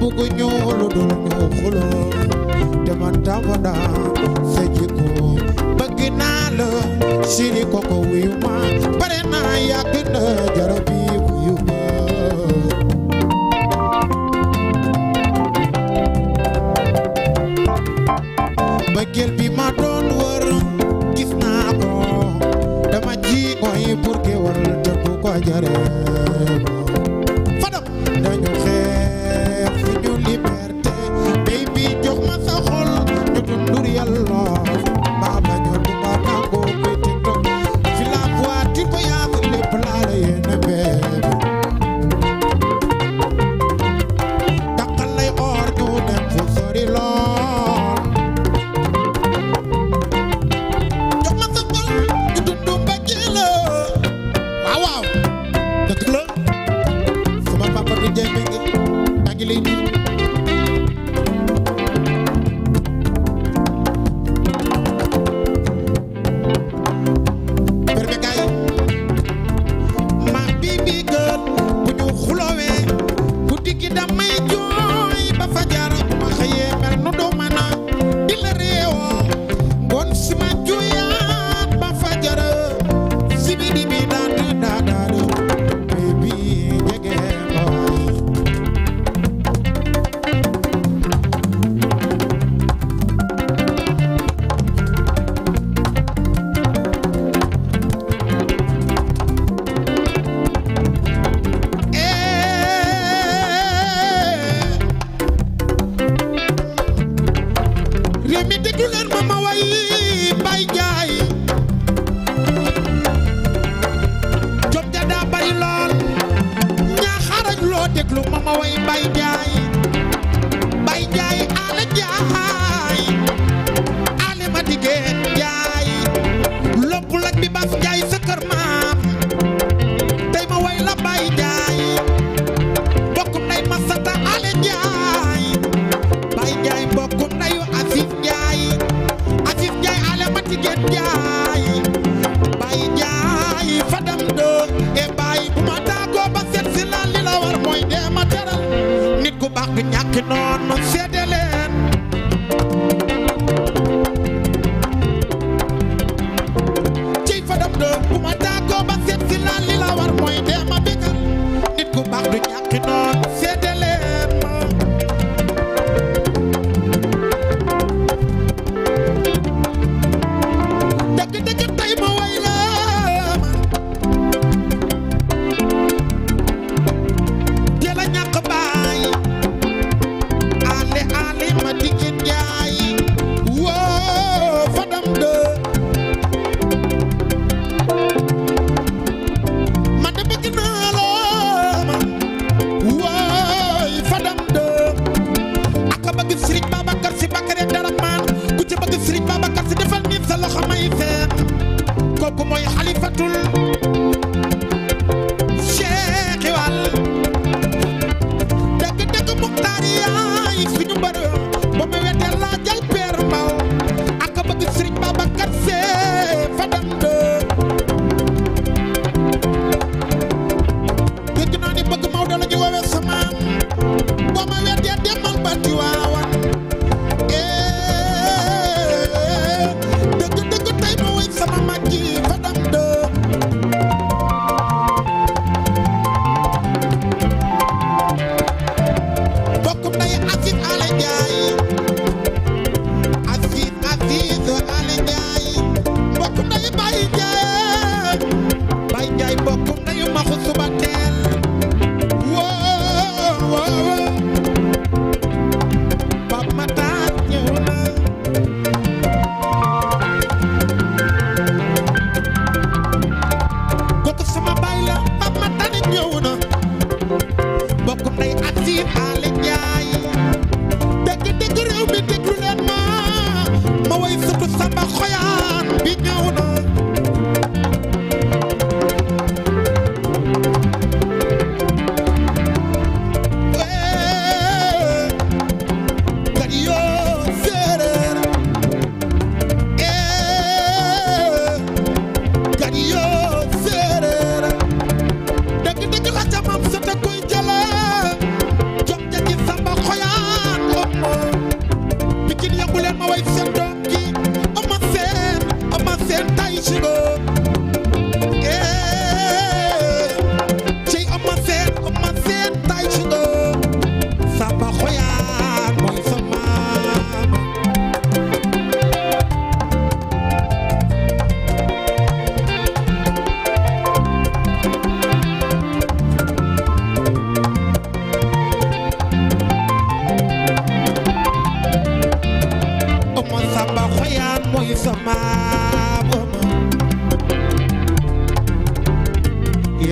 bëgguñu lu dul ñu xuloo te man tàmm naa sa jikko bëgg naa la siri koko wuyu ma pare naa yàgg na jarabi wuyu ma bëggeel bi ma doon wër gis naa ko dama ji koy pour ke wal te bu ko jaree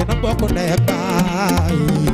yéen a bokk ndey ak baay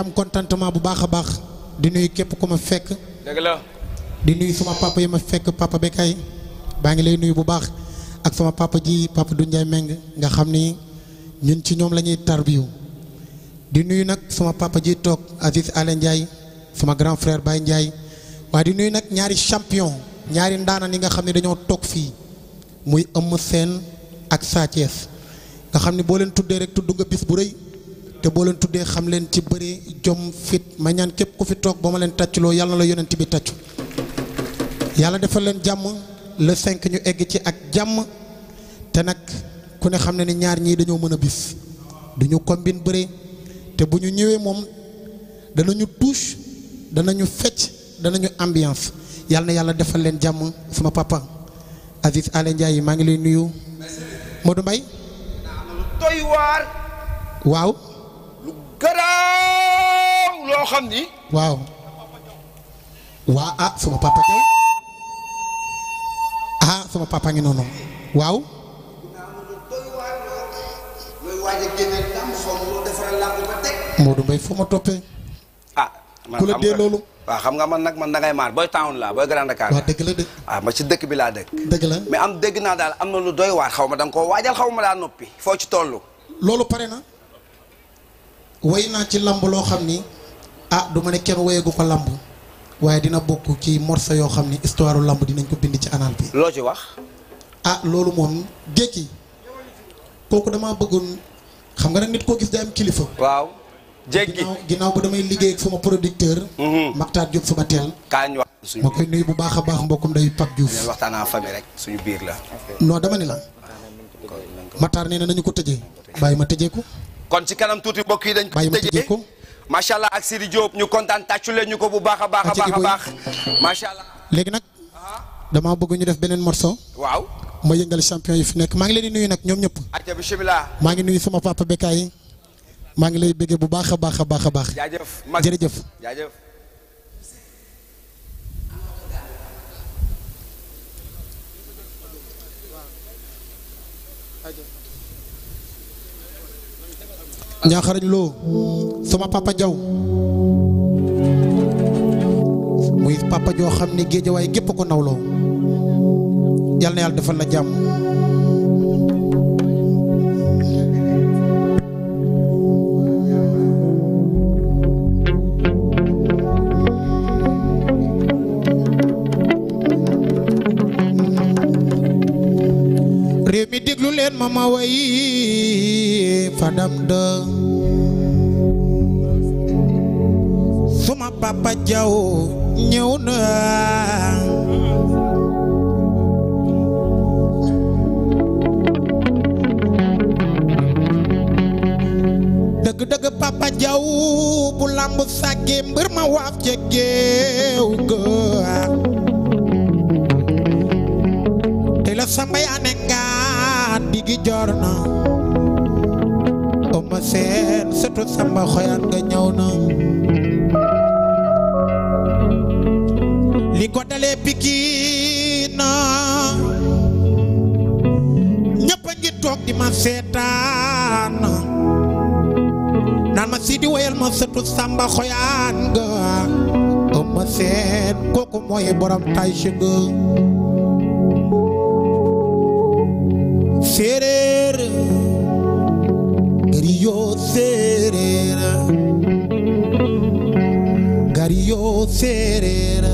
am contentement bu baax a baax di nuyu képp ko ma fekk. dëgg di nuy sama papa yi ma fekk papa Bekay baa ngi lay nuyu bu baax ak sama papa ji papa du Ndiaye Meng nga xam ni ñun ci ñoom la ñuy tarbiyu di nuyu nag suma papa ji toog Aziz Alain Ndiaye suma grand frère Baye Ndiaye waaye di nuyu nag ñaari champion ñaari ndaanaan yi nga xam ne dañoo toog fii muy ëmm Sène ak Sa nga xam ne boo leen tuddee rek tudd nga bis bu rëy te boo leen tuddee xam leen ci jom fit ma ñaan képp ku fi toog ba ma leen tàcculoo yàlla na la yonent yàlla defal leen jàmm le cinq ñu egg ci ak jàmm te nag ku ne xam ne ni ñaar ñii dañoo mën a bis du ñu combine bëre te bu ñu ñëwee moom dana danañu touche ñu fecc danañu ambiance yàlla na yàlla defal leen jàmm sama papa Aziz njaay yi maa ngi lay nuyu Modou Mbaye doy waaw yow loo xam ni. waaw. waa ah sama papa ñëw ah ngi noonu waaw. Modou Mbaye fu ma toppee. ah man ku la dee loolu. waaw xam nga man nag man dangay maar booy town laa booy Grand Dakar. waaw dëgg la de. Ah, ma ci dëkk bi laa dëkk. dëgg la mais am dégg naa daal am na lu doy waar xaw ma da koo waajal xaw ma daa noppi. foo ci toll. loolu pare na. way naa ci lamb loo xam ni. ah du ma ne kenn woyegu ko lamb waaye dina bokk ci morceau yoo xam ne histoire lamb dinañ ko bind ci anal bi. loo ci wax. ah loolu moom gékki kooku damaa bëggoon xam nga nag nit koo gis day am kilifa. waaw jéggi ginnaaw ba damay liggéey ak sama producteur. Mm-hmm. Maktar Diop sama teel. kaañ wax suñu ma koy nuyu bu baax a baax mbokkum day Pape Diouf. waxtaan ak famille rek suñu biir la. non dama ni la. Maktar nee na nañu ko tëjee. bàyyi ma tëjee ko. kon ci kanam tuuti mbokk yi dañ ko ma tëjee ko. macha allah ak Sidi Diop ñu kontaan tàccu leen ñu ko bu baax a baax a baax macha allah. léegi nag uh-huh. damaa bëgg ñu def beneen morceau. waaw ma yëngal champion yi fi nekk maa ngi leen nuyu nag ñoom ñëpp. ayca bisimilah. maa ngi nuyu sama papa Bekkaay maa ngi lay bëggee bu baax a baax a baax a baax. jaajëf jërëjëf. ñaaxarañ loo sama papa jaw muy papa joo xam ne géejawaay gépp ko nawloo yal na yàlla defal la jàmm réew mi déglu ma ma way fadam dë suma papa jaw ñëw na dëgg dëgg papa jaw bu lamb sàgge mbër ma waaf ca ga te la samba yaa ne na seen sëtu samba xoyaan nga ñëw na li ko dalee Pikine na ñëpp toog di ma seetaan naan ma si di woyal ma sëtu samba xoyaan nga ma seen kooku mooy borom tay si nga séeréera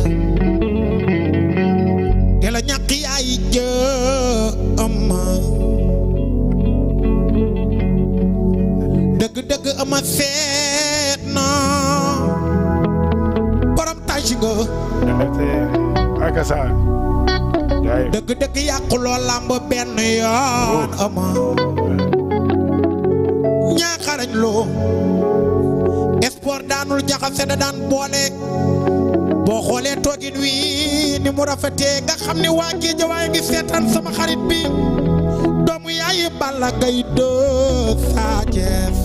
te la ñàkk yaay jë ama dëgg-dëgg ama seet na borom tàcc nga dëgg-dëgg yàqu loo làmb benn yoon ama ñaaxarañ loo espoir daanul jaxase da daan boole boo xoolee toogin wi ni mu rafetee nga xam ni waa Géejawaay ngi seetaan sama xarit bi doomu yaayi Balla Gaye de Sa Thiès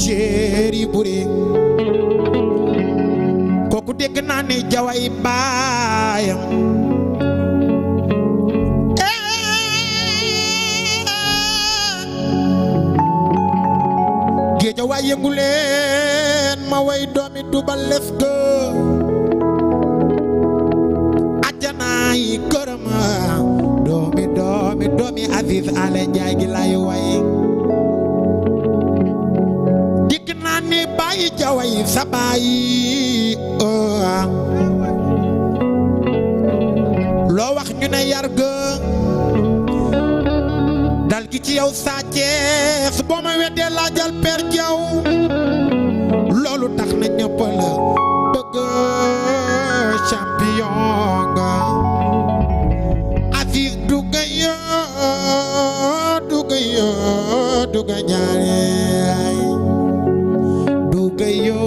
chéri buri kooku dégg naa ni jaway baayam Géejawaay yëngu leen ma way doomi duba lef ga ajana yi doomi doomi doomi Aziz Ale Njaay gi lay way dikk naa ni bàyyi jaway sa bàyyi loo wax ñu ne yar ga dal gi ci yow Sa Thiès boo ma weddee laajal per jaw loolu tax na ñëpp la bëgg champion nga Aziz duga yo duga yo duga ñaare duga yo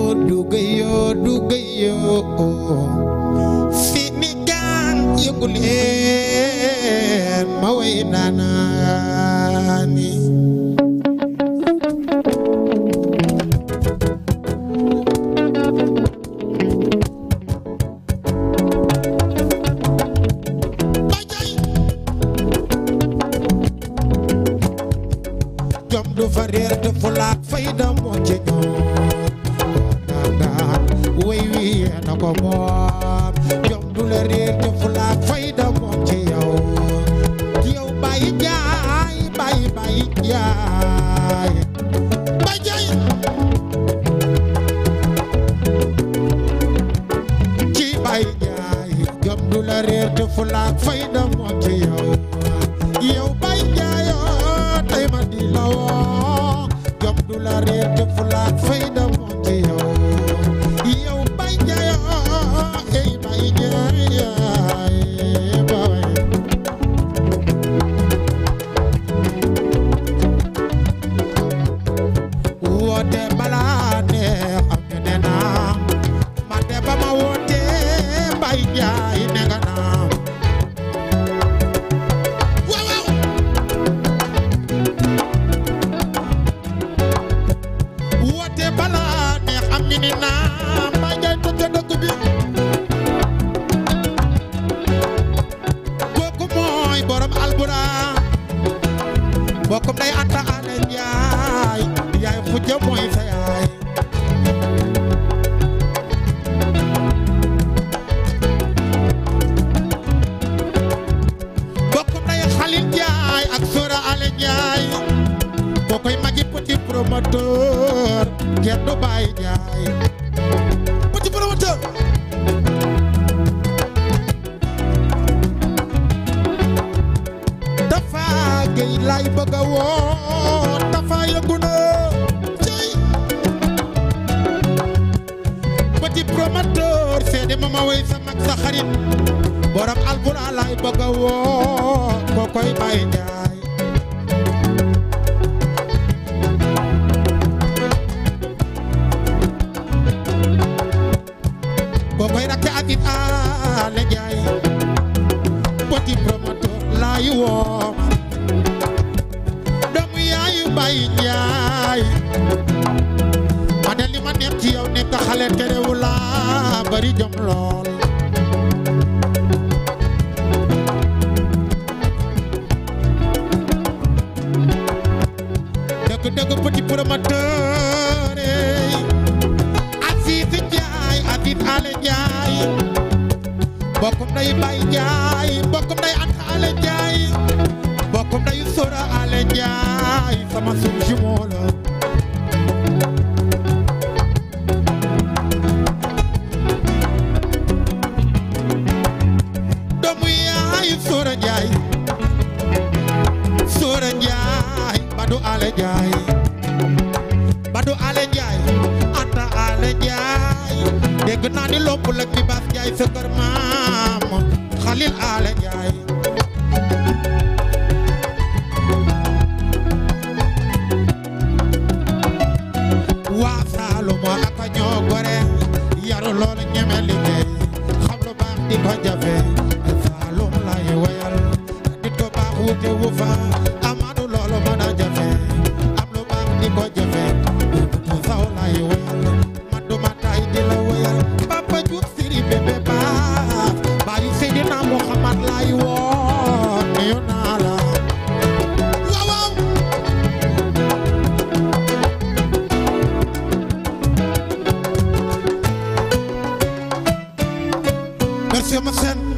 ma way naana na ko moom jom du la réer te fulaak fayda moom ci jom du la réer te fulaak fayda moom ci bay ñaar Seex Maxtaar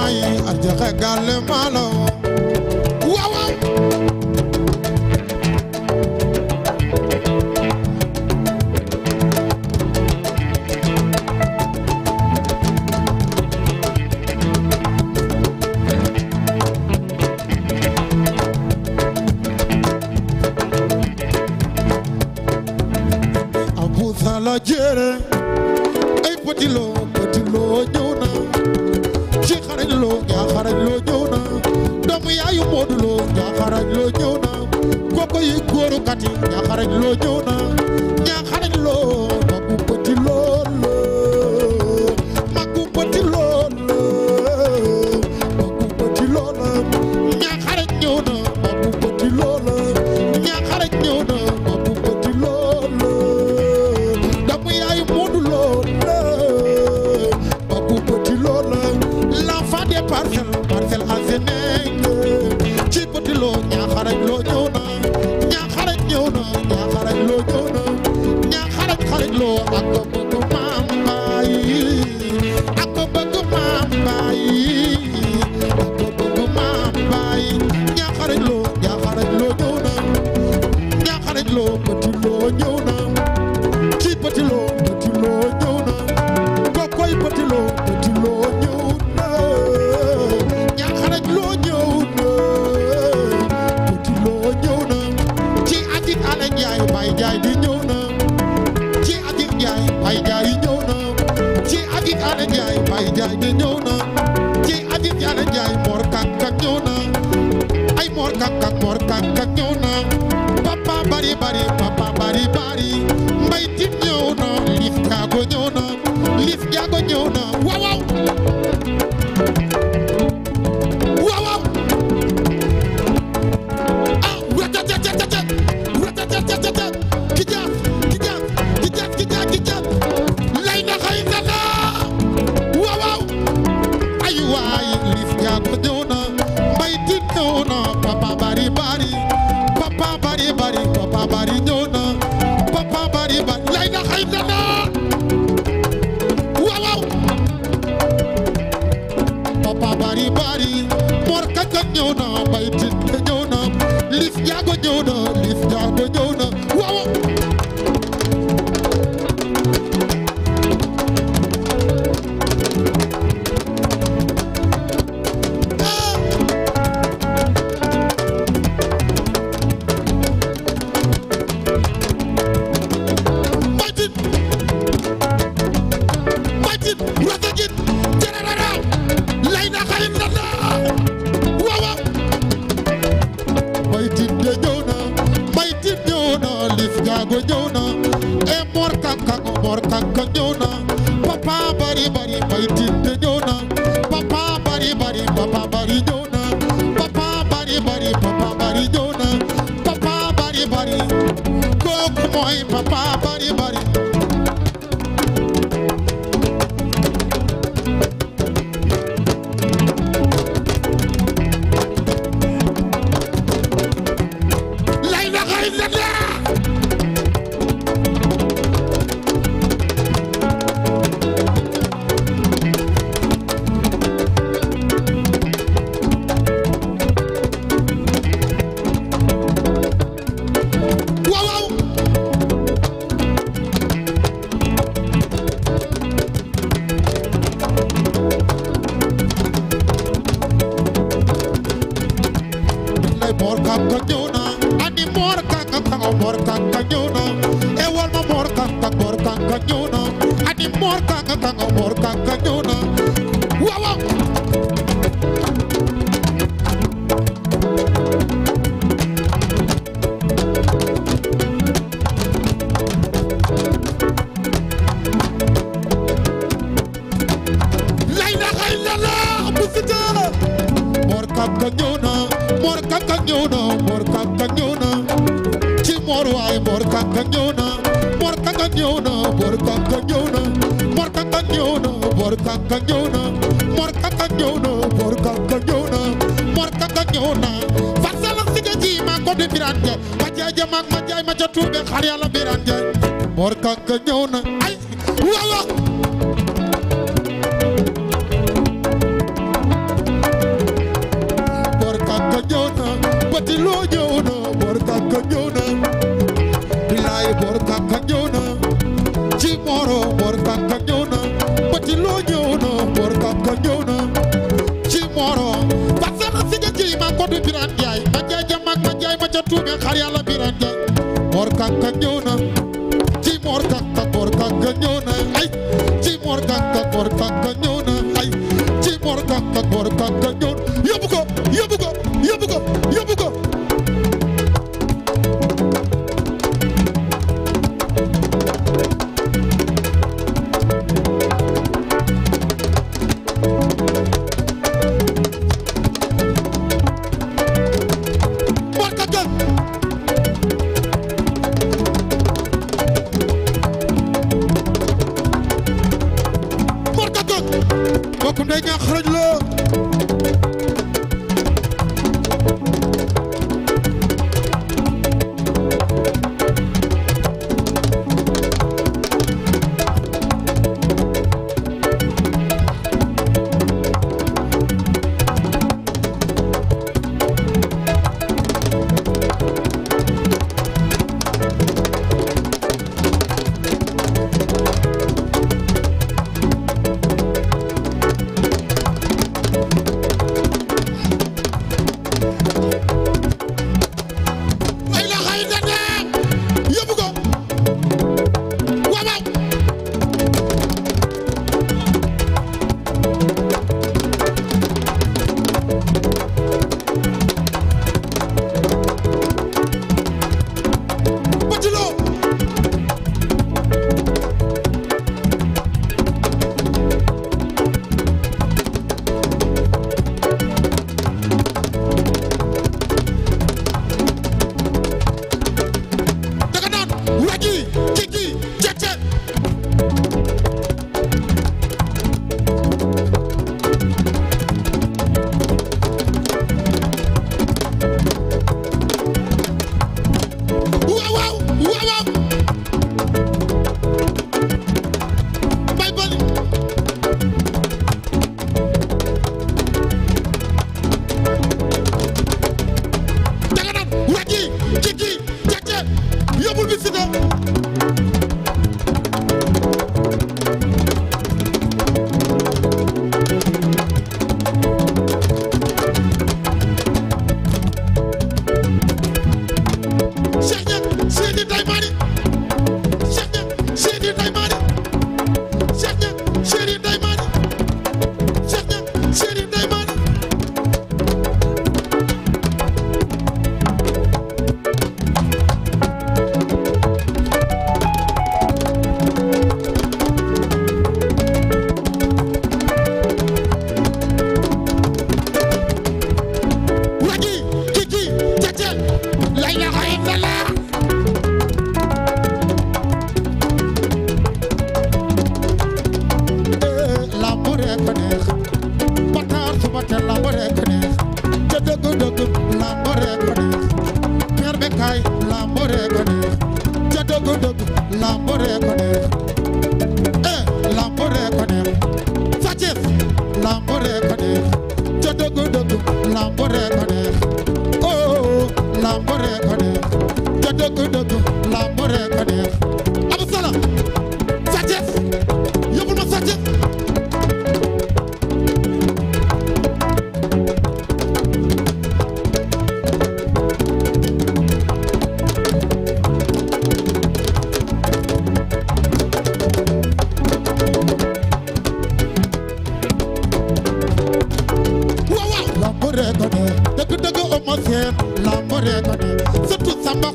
ay arjaxe galle malo waaw la jere ay petit lo petit lo ñëw xaraj loo ñëw na doomu yaayu Modou Lo na koko yi góorukat yi ñaa na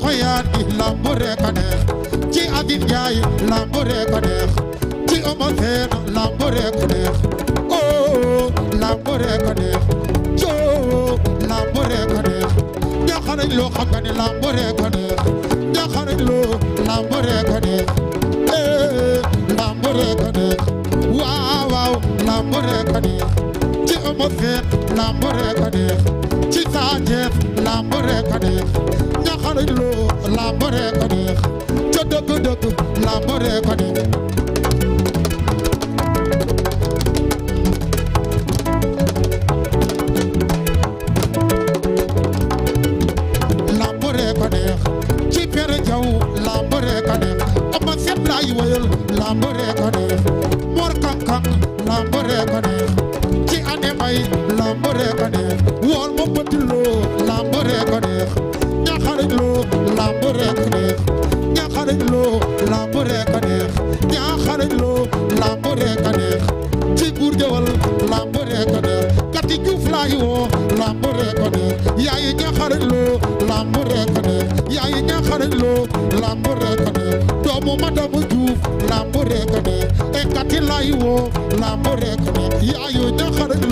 Royane gi lamb rek a neex ci Abib Ndiaye lamb rek a neex ci Eumeu Sène lamb rek a neex oh lamb rek a neex joo lamb rek a neex ñaxarañ loo xam nga ne lamb rek a neex ñaxarañ loo lamb rek a neex eh lamb rek a neex waaw waaw lamb rek a neex ci Eumeu Sène lamb rek a neex ci Sa Thiès lamb rek a neex dëgg dëgg lamb ree ko de lamb ree ko neex ci pere jaw lamb ree ko neex ama seen laay woyal lamb ree ko neex mor kankan lamb ree neex ci ane may lamb ree neex wool ma bëtiloo lamb ree neex lambu rek a neex ñaa xarañ loo lambu rek a neex ci buur jëwal lambu rek a neex kati juuf laa yi woo lambu rek a neex yaayi ñaa xarañ loo lambu rek a neex yaayi ñaa a doomu juuf lambu rek a neex e kati laa woo lambu rek a neex yaayu ñaa xarañ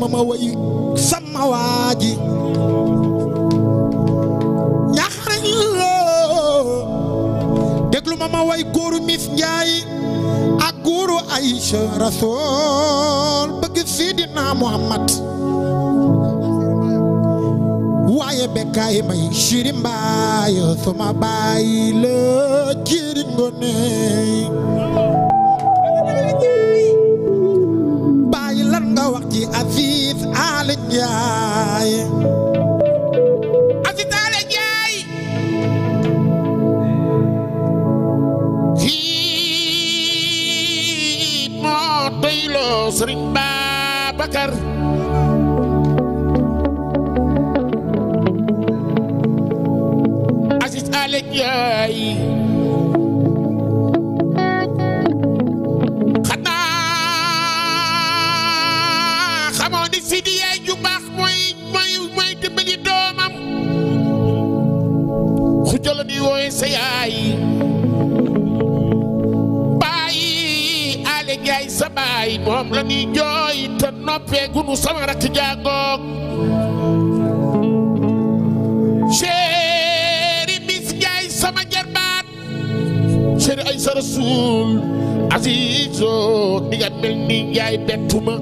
ma ma way sama waaji ñaxarañ loo déglu ma ma way góoru Miss Ndiaye ak góoru Aïcha Rasool bëgg Sidina Muhammad waaye bekkaay may ciri mbaay baay la ciri ngone Njaay asitaale Njaay kii moo doyloo Sëriñ Babacar ca la ñuy sa yaay bàyyi ale jaay sa baay moom la ñuy jooy te noppee gunu sama rakk jàngoog chéri bis jaay sama jarbaat chéri ay sa rasuul asiisoo di nga mel ni jaay bettuma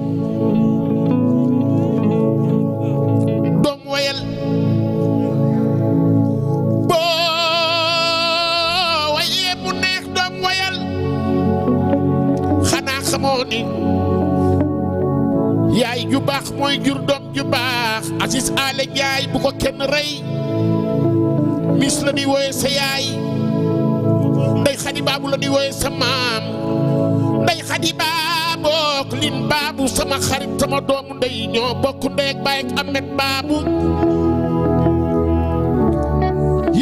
mooy jur doom ju baax Aziz Aly Ndiaye bu ko kenn rey Miss la di wooye sa yaay nday xadi baabu la di wooye sa maam nday xadi baabook lin baabu sama xarit sama doomu ndey ñoo bokk ndey baay amet baabu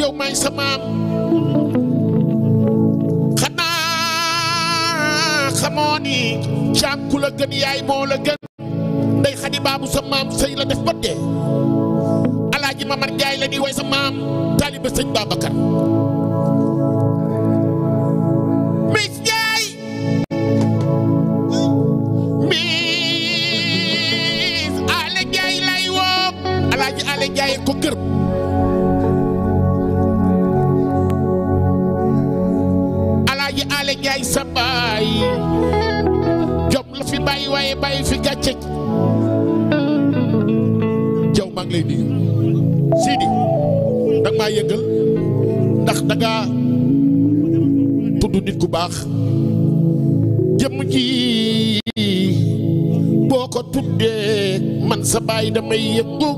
yow may sa maam xanaa xamoo la gën yaay moo la gën xadi baabu sa maam sëy la def ba dee alaaji Mamar Njaay la di way sa maam taaliba sëñ Babacar ngaa tudd nit ku baax jëm ji boo ko tuddee man sa baay damay yëngu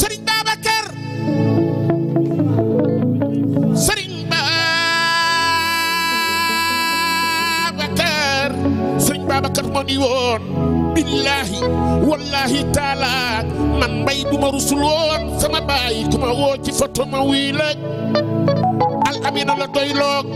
Serigne Babacar Serigne Babacar Serigne Babacar moo di woon. billaahi wallaahi taala man mbay duma rusul woon sama baay kuma woo ci foto ma wii la al amina la doyloog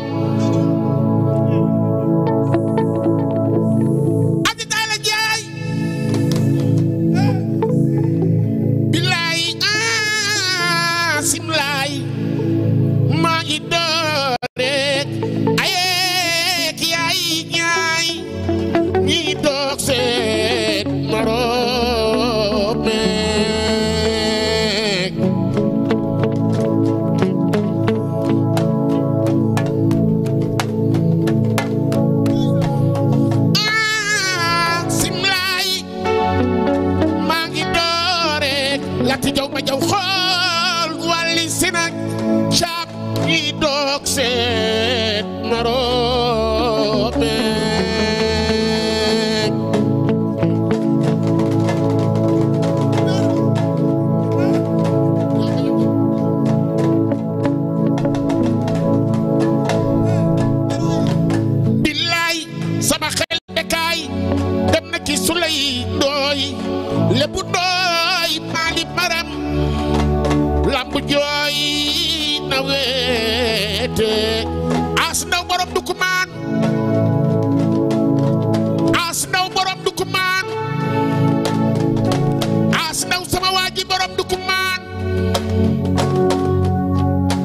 gi borom Ndukumaan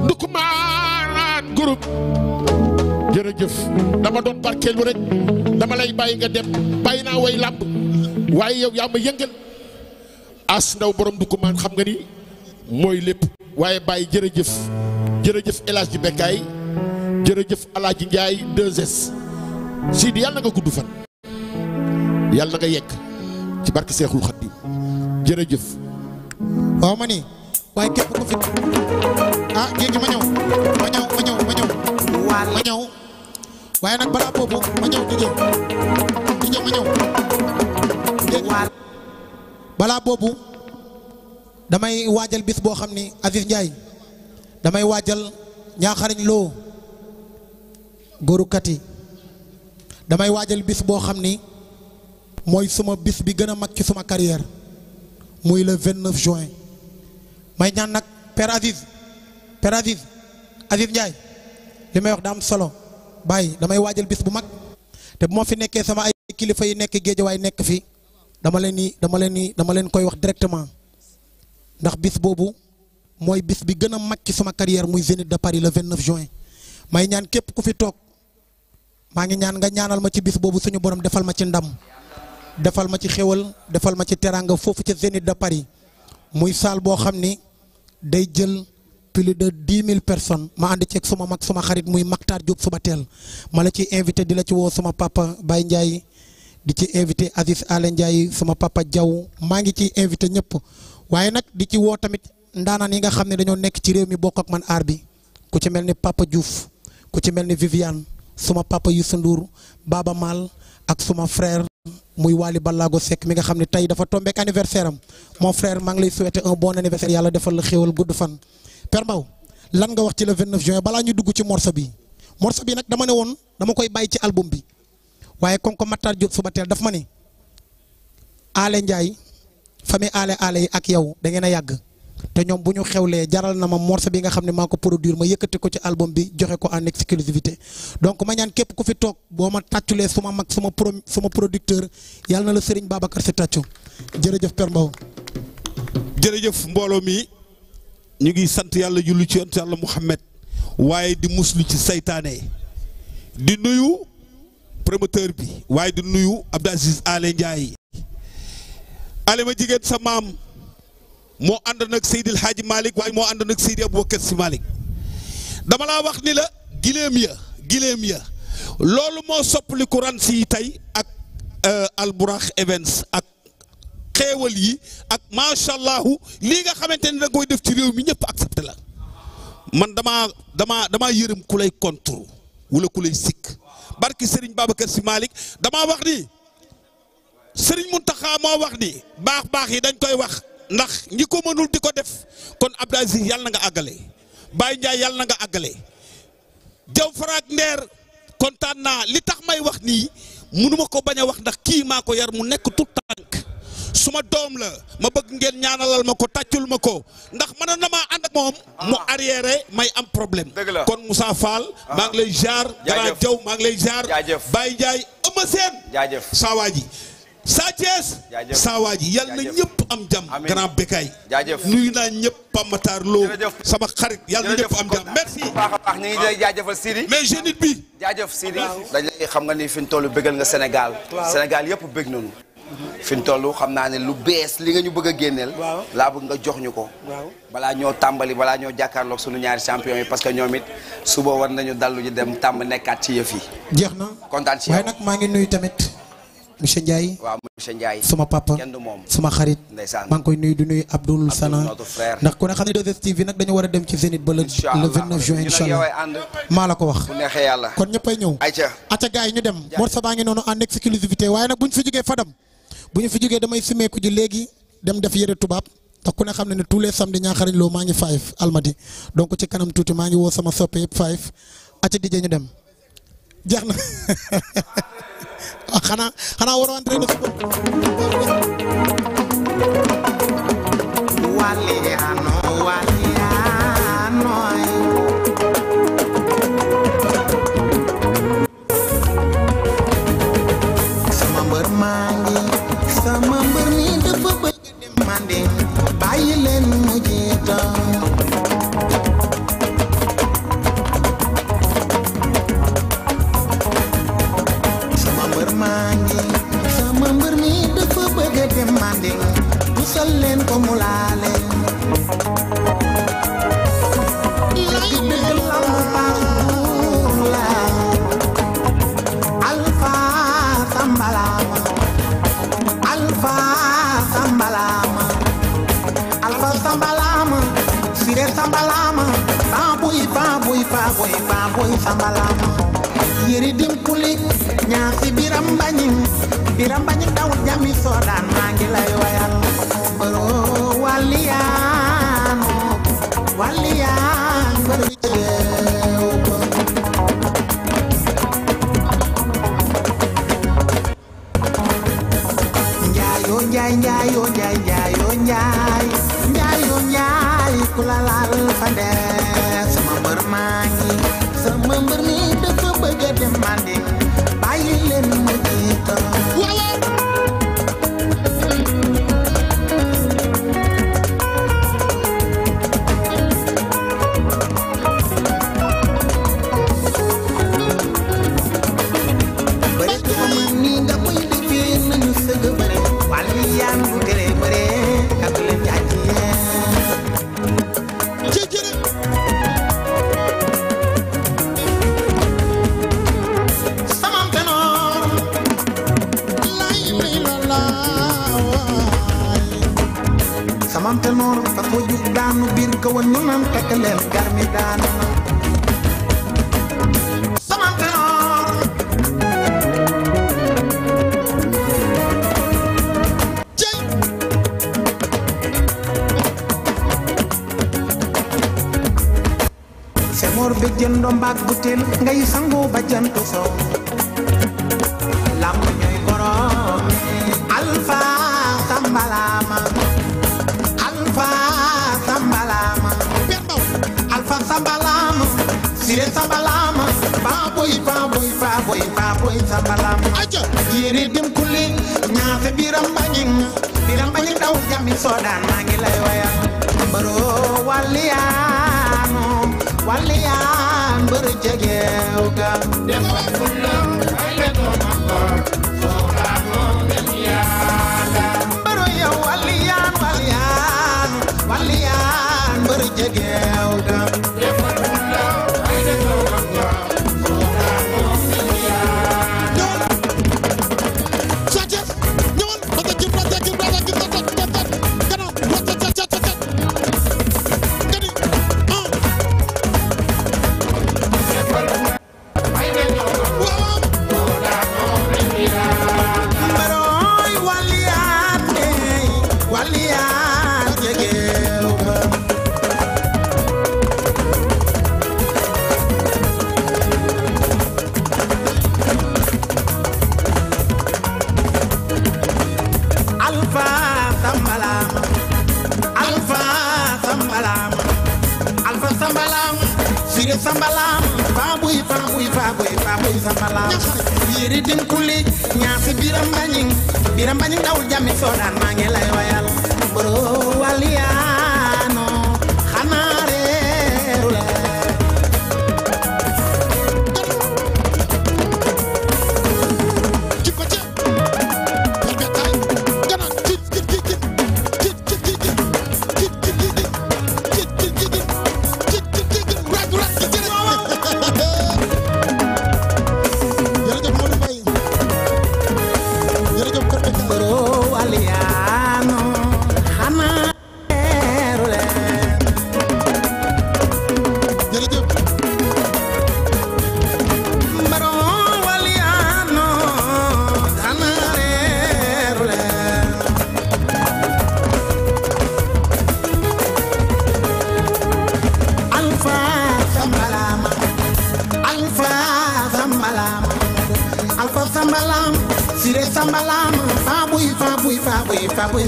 Ndukumaan groupe jërëjëf dama doon barkeelu rek dama lay bàyyi nga dem bàyyi naa way làmb waaye yow yaa ma yëngal as ndaw borom Ndukumaan xam nga ni mooy lépp waaye bàyyi jërëjëf jërëjëf El Hadj Bekkaay jërëjëf El Hadj Ndiaye 2S Sidi yàlla nga gudd fan yàlla nga yegg ci barke Seexul Xadiim jërëjëf waaw ma ni waaye képp ku fi ah géej gi ma ñëw ma ñëw ma ñëw ma ñëw ma ñëw balaa boobu ma ñëw dije dije ma ñëw balaa boobu damay waajal bis boo xam ni Aziz njaay damay waajal ñaaxariñ loo góorukat yi damay waajal bis boo xam ni mooy suma bis bi gën a mag ci suma carrière muy le 29 join may ñaan nag Père Aziz Père Aziz Aziz Ndiaye li may wax daa am solo bàyyi damay waajal bis bu mag te bu ma fi nekkee sama ay kilifa yi nekk waaye nekk fi dama leen ni dama leen dama leen koy wax directement ndax bis boobu mooy bis bi gën a mag ci sama carrière muy Zénith de Paris le 29 juin may ñaan képp ku fi toog maa ngi ñaan nga ñaanal ma ci bis boobu suñu borom defal ma ci ndam. defal ma ci xéwal defal ma ci teraanga foofu ca Zénith de Paris muy saal boo xam ni day jël plus de dix mille personnes ma ànd ceeg suma mag suma xarit muy Maktar Diop suba teel ma la ci invité di la ci woo suma papa Baye Ndiaye di ci invité Aziz Alen Ndiaye suma papa Diaw maa ngi ci invité ñëpp waaye nag di ci woo tamit ndaanaan yi nga xam ne dañoo nekk ci réew mi bokk ak man aar bi ku ci mel ni papa Diouf ku ci mel ni Viviane suma papa Youssou Ndour Baba Mal ak suma frère muy Waly Ballago Seck mi nga xam ne tey dafa tombeek anniversaire am mon frère maa ngi lay souhaiter un bon anniversaire yàlla defal la xewal gudd fan. Père lan nga wax ci le 29 juin balaa ñu dugg ci morso bi morso bi nag dama ne woon dama koy bàyyi ci album bi waaye comme que Matar Diop suba teel dafa ma ne. Aale Ndiaye famille Aale Aale yi ak yow da ngeen a yàgg. te ñoom bu ñu xewlee jaral na ma morceau bi nga xam ne maa ko produire ma yëkkati ko ci album bi joxe ko en exclusivité donc ma ñaan képp ku fi toog boo ma tàcculee suma mag suma pro suma producteur yàlla na la Serigne Babacar si tàccu jërëjëf Père Mbow. mbooloo mi ñu ngi sant yàlla jullu ci yonent yàlla Mouhamed waaye di muslu ci saytaane di nuyu promoteur bi waaye di nuyu Abdou Aziz Ale Ndiaye. ale ma jigéen sa maam. moo ànd nag Seydil Hadji Malick waaye moo ànd nag Seydi Aboubacar Sy Malick dama laa wax ni la giléem ya loolu moo soppali courant yi tey ak euh, Alburax Events ak xeewal yi ak macha allah lii nga xamante ne da koy def ci réew mi ñëpp accepté la man dama dama damaa yërëm ku lay contre wala ku lay sikk barki Serigne Babacar Sy Malick damaa wax ni Serigne Mountakha moo wax ni baax baax yi dañ koy wax. ndax ñi ko mënul di ko def kon Abdou Aziz yàlla na nga àggale Baye Ndiaye yàlla na nga àggale jaw faraak ndeer kontaan naa li tax may wax nii mënuma ko bañ wax ndax kii maa ko yar mu nekk tu tout su ma doom la ma bëgg ngeen ñaanalal ma ko tàccul ma ko ndax mënoon na maa ànd ak moom mu ah. arrière may am problème kon Moussa Fall ah. maa ngi lay genre Gara Jaw maa ngi lay jaar Baye Ndiaye ëma seen saawaa ji Sa Thiès sa waa ji yal na ñëpp am jàmm grand Bécaye nuyu naa ñëpp Pape Matar Lo sama xarit yal na ñëpp am jàmm merci a baax ñu ngi lay jaajëfal Sidi mais jeunit bi jaajëf Sidi dañ lay xam nga ni fi ñu toll bëggal nga Sénégal Sénégal yëpp bëgg nañu fi ñu toll xam naa ne lu bees li nga ñu bëgg a génneel laa bëgg nga jox ñu ko balaa ñoo tàmbali balaa ñoo jàkkaarloog suñu ñaari champion yi parce que ñoom it suba war nañu dallu ji dem tàmb nekkaat ci yëf yi jeex na kontaan ci waaye nag maa ngi nuyu tamit monsieur Ndiaye waaw monsieur Ndiaye suma papa suma xarit maa ngi koy nuyu di nuyu Abdoul Sana ndax ku ne xam ne 2STV nag dañu war a dem ci Zénith ba le juin maa la ko wax kon ñëppay ñëw acca gars yi ñu dem morceau baa ngi noonu en exclusivité waaye nag bu ñu fi jógee fadam bu ñu fi jógee damay simeeku ji léegi dem def yëre tubaab ndax ku ne xam ne ne tous les samedi ñaaxarañ loo maa ngi five almadi donc ci kanam tuuti maa ngi woo sama soppe yëpp five acca dijee ñu dem jeex na baax xanaa xanaa waroo entraîné suba tal leen ko mu laale Sambalama, baboy, baboy, baboy, baboy, sambalama. yeri dimpuli ñaasi biram bañin biram bañin dawul jami soodaan maa ngi lay wayal bëroo waliyaa ñu naan takk leen gar mi daan Semoor bi jëndoo mbaag butéel ngay sangoo ba jant soow koy sambalam yére dem kulli ñaase biram bañin biram bañin daw jami soodaan maa ngi lay waya baro walliyaanu walliyaan baro jegeew ga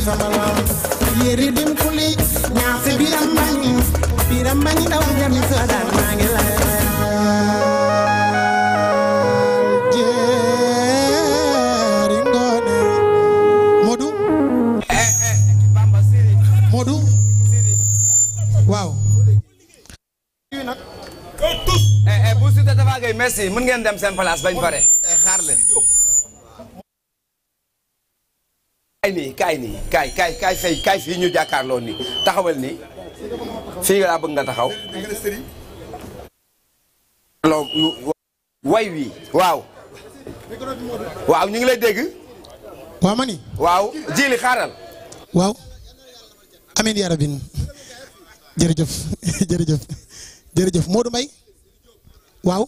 soxaloon yéri dim kuli ñaase biram bañ biram bañ ndaw jami soodaan maa ngi lay eh, eh, merci mën ngeen dem seen place bañ pare eh, xaar leen kaay nii kaay kaay kaay kaay fii ñu jàkkaarloo nii taxawal nii fii laa nga taxaw way wi waaw waaw ñu ngi lay dégg waaw ma ni waaw jili xaaral waaw amiin yaa rabbi jërëjëf jërëjëf jërëjëf Modou Mbaye waaw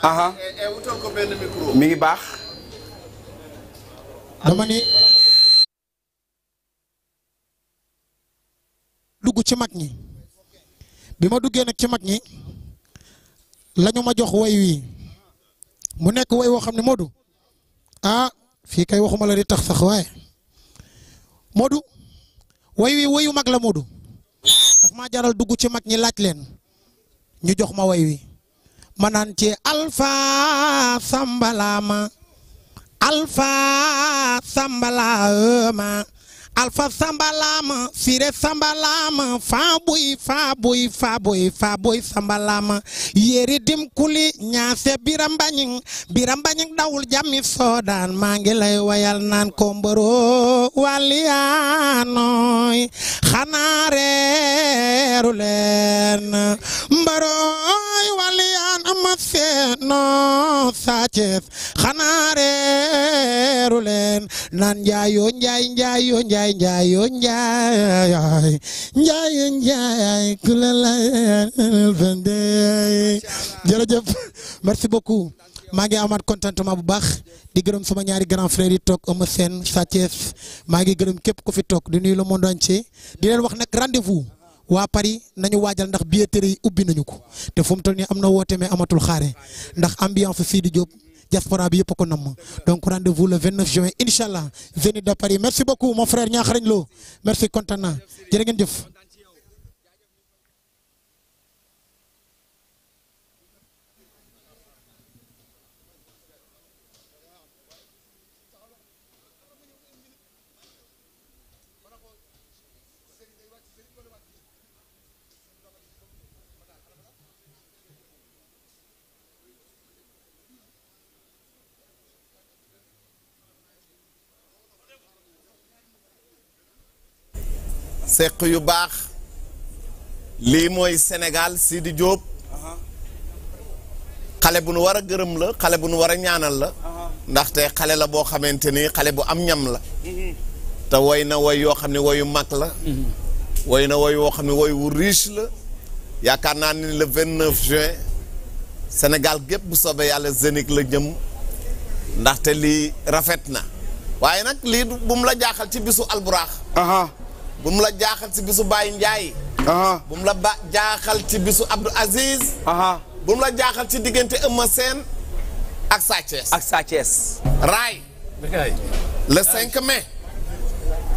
aha wutal ngi baax dama ni dugg ci mag ñi bi ma duggee nag ci mag ñi lañu ma jox woy wii mu nekk way woo xam ne Modou ah fii kay waxuma la di tax sax waaye Modou woy wii wayu mag la Modou daf maa jaral dugg ci mag ñi laaj leen ñu jox ma woy wi ma naan ci alfa sambalaama alfa sambalaama alfa sambalaama sire sambalaama faabuy faabuy faabuy faabuy sambalaama yeri dim kuli ñaase biram bañing biram bañing dawul jami soodaan maa ngi lay wayal naan ko mboro waliyaanoy xanaa reeru leen mboro mooy waliyaan ama seeno saacees xanaa reeru leen naan njaayoo njaay njaayoo njaay njaayoo njaay njaayoo njaay ku la layal fandey jërëjëf merci beaucoup maa ngi amaat contentement bu baax di gërëm sama ñaari grand frère yi toog Eumeu Sène Sa Thiès maa ngi gërëm képp ku fi toog di nuyu le monde entier di leen wax nag rendez-vous waa Paris nañu waajal ndax billetterie yi ubbi nañu ko te fu mu toll nii am na woote mais amatul xaare ndax ambiance Sidi Diop diaspora bi yëpp ko namm donc rendez-vous le 29 juin incha allah Zénith de Paris merci beaucoup mon frère Niakharañ Lo merci kontaan naa jërë jëf. seq yu baax lii mooy Sénégal Sidi jóob xale bu nu war a gërëm la xale bu nu war a ñaanal la ndaxte xale la boo xamante ni xale bu am ñam la te woy na woy yoo xam ne woyu mag la woy na woy woo xam ne woy wu riche la yaakaar naa ni le vingt neuf juin Sénégal gépp bu soobee yàlla Zénith la jëm ndaxte lii rafet na waaye nag lii bu mu la jaaxal ci bisu alburaax bu mu la jaaxal ci bisu Baye Ndiaye. bu mu la jaaxal ci bisu Abdou Aziz. bu mu la jaaxal ci diggante Eumeu Sène ak Sa ak Sa Thiès. raay. le cinq mais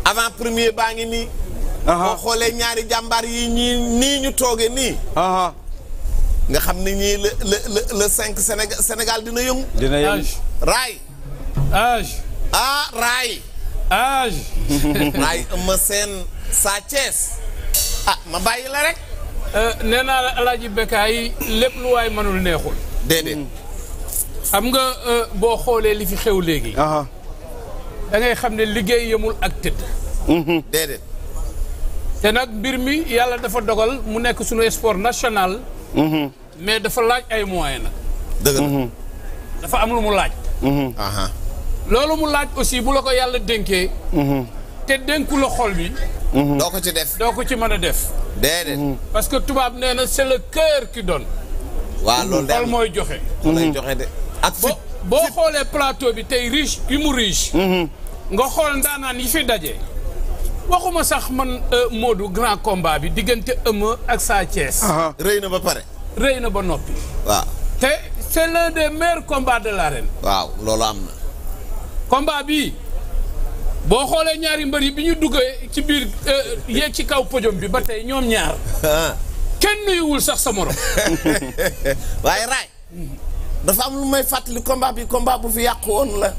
avant premier baa ngi nii. boo xoolee ñaari jàmbaar yi ñii nii ñu tooge nii. nga xam ni ñii le le le senegal 5 Sénégal Sénégal dina yëngu. raay. Ah, raay. âge. ay ma seen Sa Thiès ah ma bàyyi la rek. Euh, nee naa la alaaji Bekkaay lépp lu waay mënul neexul. déedéet. xam nga euh, boo xoolee li fi xew léegi. dangay xam ne liggéey yemul ak tëdd. Mhm. te nag mbir mi yàlla dafa dogal mu nekk sunu sport national. Mhm. mais dafa laaj ay moyens nag. dëgg mhm. dafa am lu mu laaj. loolu mu laaj aussi bu la ko yàlla dénkee. Mhm. te dénku xool xol bi. Mhm. doo ko ci def doo ko ci mën a def. déedéet. Mhm. parce que tubaab nee na c'est le cœur qui waaw loolu xol mooy joxe. mooy joxe de ak boo boo xoolee plateau bi tey riche bi mu riche. nga xool ndaanaan yi fi daje. waxuma sax man euh, Modou grand combat bi diggante ak Sa Thiès. rëy na ba pare. rëy na ba noppi. waaw te c'est l'un de l'arène. waaw loolu am na. combat bi boo xoolee ñaari mbër yi bi ñu duggee ci biir euh, yeeg ci kaw podium bi ba tey ñoom ñaar. Ah. kenn nuyuwul sax sa morom. waaye raay. dafa am lu may fàttali komba bi combat bu fi yàqu woon la.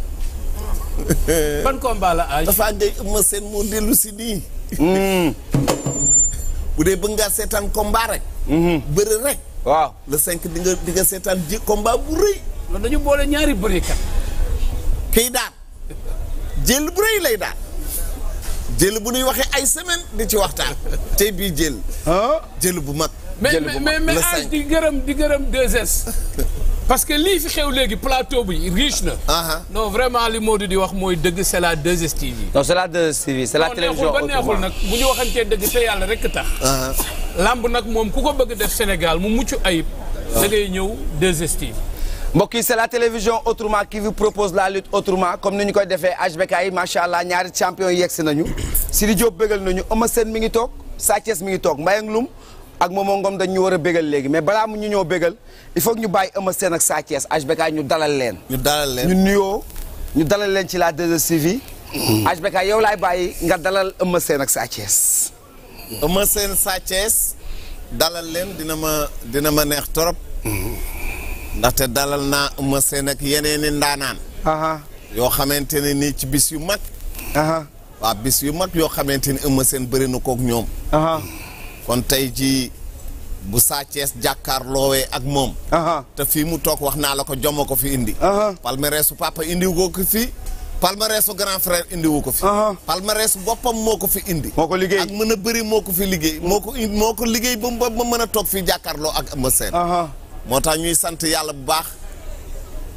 ban combat la ay dafa ngay ëmma seen moo dellu si nii. Hmm. bu dee bëgg ngaa seetaan combat hmm. waaw le cinq di nga di nga seetaan ji combat bu rëy. loolu dañu boole ñaari bëri kat. kii jël bu rëy lay daal jël bu ñuy waxee ay semaine di ci waxtaan tey bii jël. jël bu mag. jël bu mag mais mais mais di gërëm di parce que lii fi xew léegi plateau bi riche na. Ah, ah. no vraiment li Modou di wax mooy dëgg c'est la 2STV. non c'est la 2STV c'est la télévision ba neexul nag bu ñu waxantee dëgg te yàlla rek tax. Ah, lamb nag moom ku ko bëgg def Sénégal mu mucc ayib. da ngay ñëw 2STV. mbokk yi c'est la télévision autrement qui vous propose la lutte autrement comme ni ñu koy defee HBK yi macha allah ñaari champion yi yegsi nañu Sidi Diop bégal nañu Eumeu Sène mi ngi toog Sa Thiès mi ngi toog Mbayang Loum ak Momo Ngom dañ ñu war a bégal léegi mais balaa mu ñu ñëw bégal il faut ñu bàyyi Eumeu Sène ak Sa Thiès HBK ñu dalal leen. ñu dalal leen ñu nuyoo ñu dalal leen ci la 2STV. HBK yow laay bàyyi nga dalal Eumeu Sène ak Sa Thiès. Eumeu Sène Sa dalal leen dina ma dina ma neex trop. ndaxte dalal naa Eumeu Sène ak yeneen i ndaanaan. yoo xamante ne nii ci bis yu mag. waa bis yu mag yoo xamante ni Eumeu Sène bëri na kook ñoom. kon tey jii bu Sa Thiès ak moom. te fii mu toog wax naa la ko jomma ko fi indi. palmarèsu papa indiwu ko ko fi. palmarèsu grand indi wu ko fi. palmarèsu boppam moo ko fi indi. moo ko liggéey ak mën a bëri moo ko fi liggéey. moo ko moo ko liggéey ba mu ba mën a toog fii jàkkaarloo ak Eumeu Sène. moo tax ñuy sant yàlla bu baax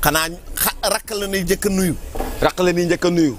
xanaa rakk la ñuy njëkk a nuyu. rakk la ñuy njëkk a nuyu.